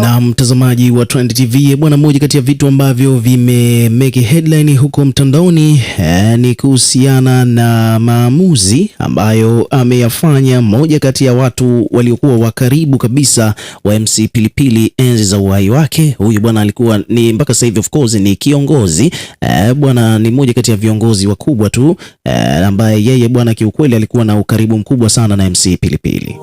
Na mtazamaji wa Trend TV bwana, mmoja kati ya vitu ambavyo vime make headline huko mtandaoni eh, ni kuhusiana na maamuzi ambayo ameyafanya moja kati ya watu waliokuwa wa karibu kabisa wa MC Pilipili enzi za uhai wake. Huyu bwana alikuwa ni mpaka sasa hivi of course ni kiongozi eh, bwana, ni moja kati ya viongozi wakubwa tu eh, ambaye yeye bwana kiukweli alikuwa na ukaribu mkubwa sana na MC Pilipili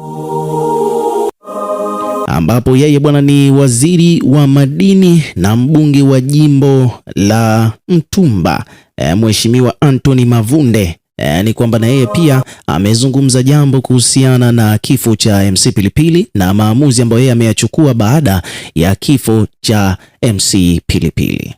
ambapo yeye bwana ni waziri wa madini na mbunge wa jimbo la Mtumba e, Mheshimiwa Anthony Mavunde. E, ni kwamba na yeye pia amezungumza jambo kuhusiana na kifo cha MC Pilipili na maamuzi ambayo yeye ameyachukua baada ya kifo cha MC Pilipili.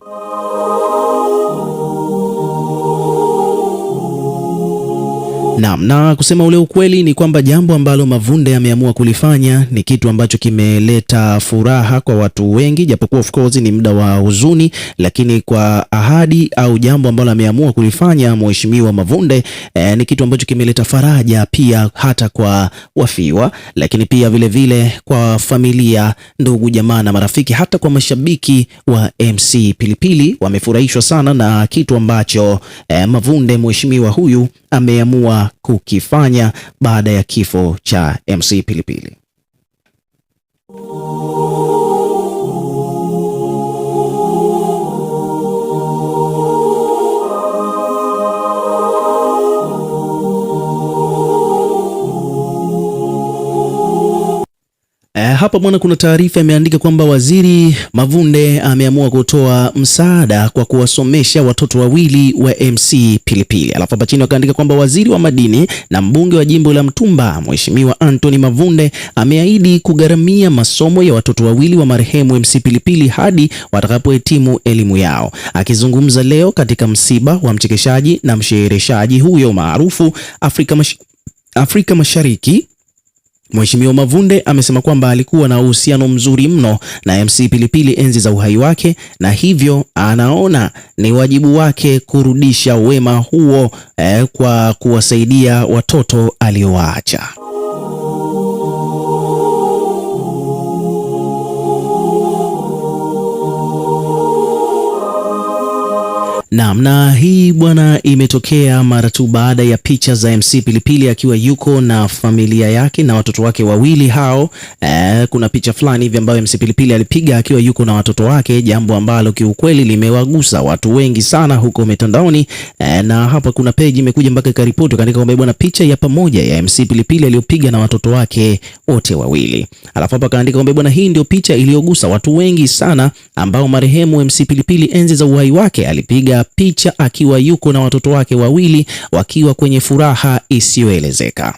Naam, na kusema ule ukweli ni kwamba jambo ambalo Mavunde ameamua kulifanya ni kitu ambacho kimeleta furaha kwa watu wengi, japokuwa of course ni muda wa huzuni, lakini kwa ahadi au jambo ambalo ameamua kulifanya mheshimiwa Mavunde eh, ni kitu ambacho kimeleta faraja pia hata kwa wafiwa, lakini pia vile vile kwa familia, ndugu, jamaa na marafiki, hata kwa mashabiki wa MC Pilipili wamefurahishwa sana na kitu ambacho eh, Mavunde mheshimiwa huyu ameamua kukifanya baada ya kifo cha MC Pilipili. hapa bwana, kuna taarifa imeandika kwamba Waziri Mavunde ameamua kutoa msaada kwa kuwasomesha watoto wawili wa MC Pilipili. Alafu hapa chini wakaandika kwamba waziri wa madini na mbunge wa jimbo la Mtumba Mheshimiwa Anthony Mavunde ameahidi kugharamia masomo ya watoto wawili wa marehemu MC Pilipili hadi watakapohitimu elimu yao. Akizungumza leo katika msiba wa mchekeshaji na mshehereshaji huyo maarufu Afrika, mash... Afrika Mashariki Mheshimiwa Mavunde amesema kwamba alikuwa na uhusiano mzuri mno na MC Pilipili enzi za uhai wake na hivyo anaona ni wajibu wake kurudisha wema huo eh, kwa kuwasaidia watoto aliowaacha. Naam, na hii bwana imetokea mara tu baada ya picha za MC Pilipili akiwa yuko na familia yake na watoto wake wawili hao. Eh, kuna picha fulani hivi ambayo MC Pilipili alipiga akiwa yuko na watoto wake, jambo ambalo kiukweli limewagusa watu wengi sana huko mitandaoni. Eh, na hapa kuna peji imekuja mpaka ikaripoti kaandika kwamba bwana, picha ya pamoja ya MC Pilipili aliyopiga na watoto wake wote wawili. Alafu hapa kaandika kwamba bwana, hii ndio picha iliyogusa watu wengi sana ambao marehemu MC Pilipili enzi za uhai wake alipiga kupiga picha akiwa yuko na watoto wake wawili wakiwa kwenye furaha isiyoelezeka.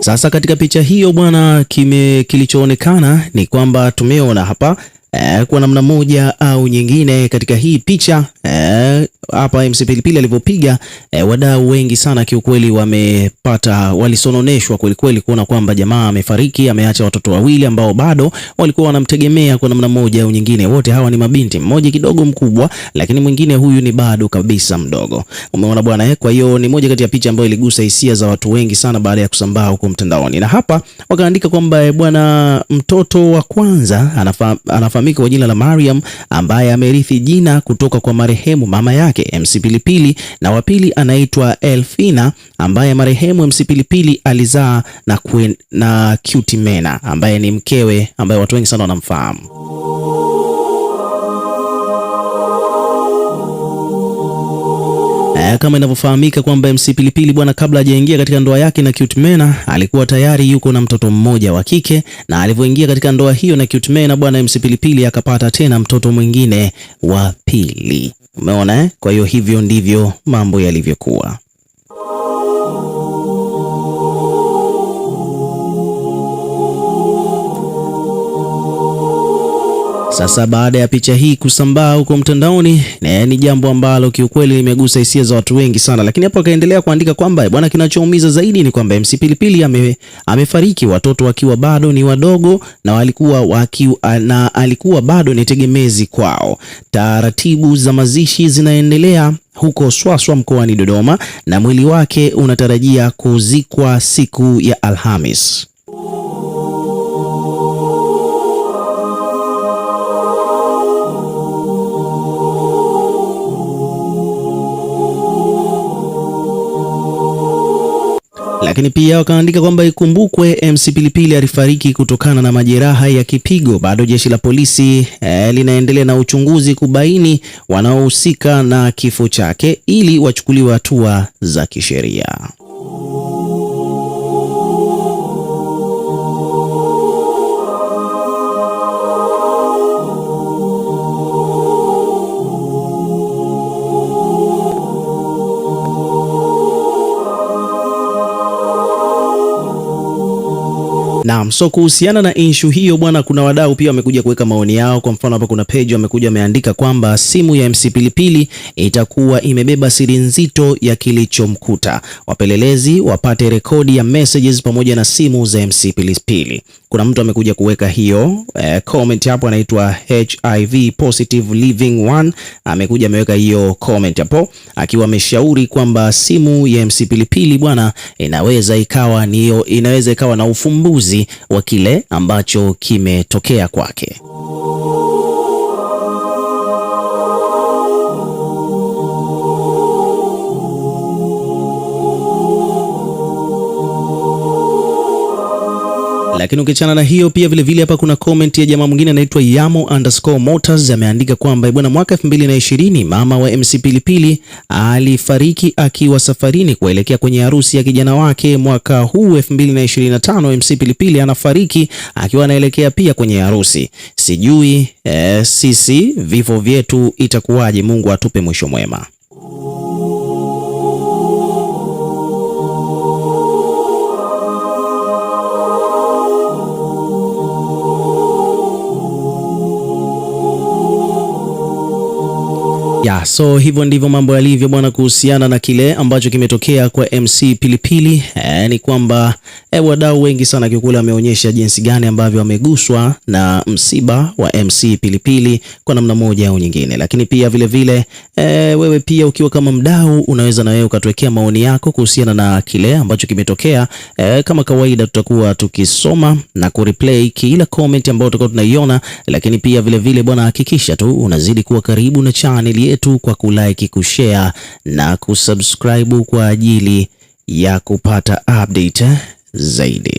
Sasa katika picha hiyo bwana, kime kilichoonekana ni kwamba tumeona hapa eh, kwa namna moja au nyingine katika hii picha eh, hapa eh, MC Pilipili alivyopiga eh, wadau wengi sana kiukweli wamepata walisononeshwa kwelikweli kuona kwamba jamaa amefariki, ameacha watoto wawili ambao bado walikuwa wanamtegemea kwa namna moja au nyingine. Wote hawa ni mabinti, mmoja kidogo mkubwa, lakini mwingine huyu ni bado kabisa mdogo. Umeona bwana eh? Kwa hiyo ni moja kati ya picha ambayo iligusa hisia za watu wengi sana baada ya kusambaa huko mtandaoni, na hapa wakaandika kwamba eh, bwana, mtoto wa kwanza anafa, anafa anayefahamika kwa jina la Mariam ambaye amerithi jina kutoka kwa marehemu mama yake MC Pilipili, na wa pili anaitwa Elfina ambaye marehemu MC Pilipili alizaa na, kwen, na Cutie Mena ambaye ni mkewe ambaye watu wengi sana wanamfahamu. Eh, kama inavyofahamika kwamba MC Pilipili bwana, kabla hajaingia katika ndoa yake na Cute Mena, alikuwa tayari yuko na mtoto mmoja wa kike, na alivyoingia katika ndoa hiyo na Cute Mena bwana, MC Pilipili akapata tena mtoto mwingine wa pili. Umeona eh? Kwa hiyo hivyo ndivyo mambo yalivyokuwa. Sasa baada ya picha hii kusambaa huko mtandaoni, ni jambo ambalo kiukweli limegusa hisia za watu wengi sana, lakini hapo akaendelea kuandika kwamba bwana, kinachoumiza zaidi ni kwamba MC Pilipili ame, amefariki watoto wakiwa bado ni wadogo na walikuwa waki, na alikuwa bado ni tegemezi kwao. Taratibu za mazishi zinaendelea huko Swaswa mkoani Dodoma na mwili wake unatarajia kuzikwa siku ya Alhamis. Lakini pia wakaandika kwamba ikumbukwe, MC Pilipili alifariki kutokana na majeraha ya kipigo. Bado jeshi la polisi eh, linaendelea na uchunguzi kubaini wanaohusika na kifo chake ili wachukuliwe hatua za kisheria. Naam, so kuhusiana na issue hiyo bwana, kuna wadau pia wamekuja kuweka maoni yao. Kwa mfano hapa kuna page wamekuja wameandika kwamba simu ya MC Pilipili itakuwa imebeba siri nzito ya kilichomkuta, wapelelezi wapate rekodi ya messages pamoja na simu za MC Pilipili kuna mtu amekuja kuweka hiyo eh, comment hapo, anaitwa HIV Positive Living One amekuja ameweka hiyo comment hapo akiwa ameshauri kwamba simu ya MC Pilipili bwana inaweza ikawa niyo, inaweza ikawa na ufumbuzi wa kile ambacho kimetokea kwake. Lakini ukiachana na hiyo pia vilevile vile hapa kuna comment ya jamaa mwingine anaitwa Yamo underscore Motors ameandika kwamba eh bwana, mwaka 2020 mama wa MC Pilipili alifariki akiwa safarini kuelekea kwenye harusi ya kijana wake. Mwaka huu 2025 MC Pilipili anafariki akiwa anaelekea pia kwenye harusi. Sijui eh, sisi vifo vyetu itakuwaje? Mungu atupe mwisho mwema. ya so hivyo ndivyo mambo yalivyo bwana, kuhusiana na kile ambacho kimetokea kwa MC Pilipili. E, ni kwamba e, wadau wengi sana kiukula ameonyesha jinsi gani ambavyo wameguswa na msiba wa MC Pilipili kwa namna moja au nyingine, lakini pia vilevile vile, e, wewe pia ukiwa kama mdau unaweza na wewe ukatuwekea maoni yako kuhusiana na kile ambacho kimetokea. E, kama kawaida tutakuwa tukisoma na kureplay kila comment ambayo tutakuwa tunaiona, lakini pia vilevile bwana, hakikisha tu unazidi kuwa karibu na channel yetu kwa kulike, kushare na kusubscribe kwa ajili ya kupata update zaidi.